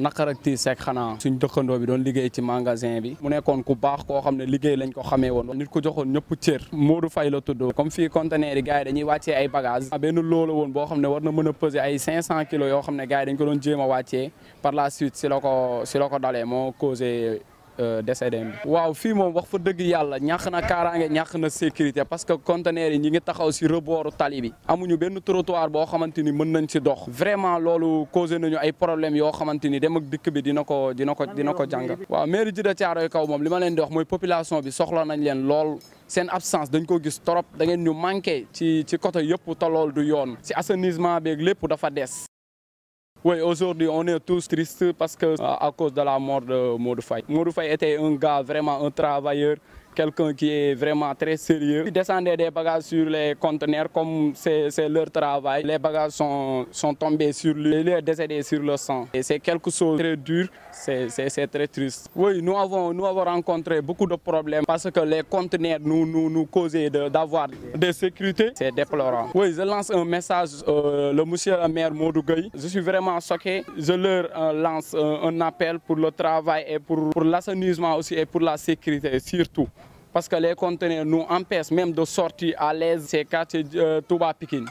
naqar ak tiis xanaa suñ dëkkandoo bi doon liggéey ci magasin bi mu nekkoon ku baax koo xam ne liggéey lañ ko xamee woon nit ko joxoon ñëpp cër Modou Faye la tudd comme fii conteneur yi gars yi dañuy wàccee ay bagages ah, benn loola woon boo xam ne war na mën a peser ay 500 kilos yoo xam ne gars yi dañ ko doon jéem a wàccee par la suite si la ko si la ko dalee moo causé Euh, décédé bi waaw fii moom wax fa dëgg yàlla ñàkk na kaaraange ñàkk na sécurité parce que conteneur yi ñu ngi taxaw si rebooru tali bi amuñu benn trottoir boo xamante ni mën nañ si dox vraiment loolu causé nañu ay problèmes yoo xamante ni dem ak dikk bi dina ko dina ko dina ko jàngal waaw mairie ji da kaw moom li ma leen di wax mooy population bi soxla nañ leen lool seen absence dañ ko gis trop dangeen ñu manqué ci ci côté yëpp te loolu du yoon si assainissement beeg lépp dafa des Oui, aujourd'hui, on est tous tristes parce que, à cause de la mort de Modou Faye. était un gars, vraiment un travailleur, quelqu'un qui est vraiment très sérieux. Il descendait des bagages sur les conteneurs comme c'est leur travail. Les bagages sont, sont tombés sur lui, il est décédé sur le sang. c'est quelque chose de très dur, c'est très triste. Oui, nous avons, nous avons rencontré beaucoup de problèmes parce que les conteneurs nous, nous, nous causaient d'avoir de, des sécurités. C'est déplorant. Oui, je lance un message, euh, le monsieur le maire Je suis vraiment choqué. Je leur euh, lance un appel pour le travail et pour, pour l'assainissement aussi et pour la sécurité surtout parce que les conteneurs nous empêchent même de sortir à l'aise ces quartiers euh, Touba Pékin.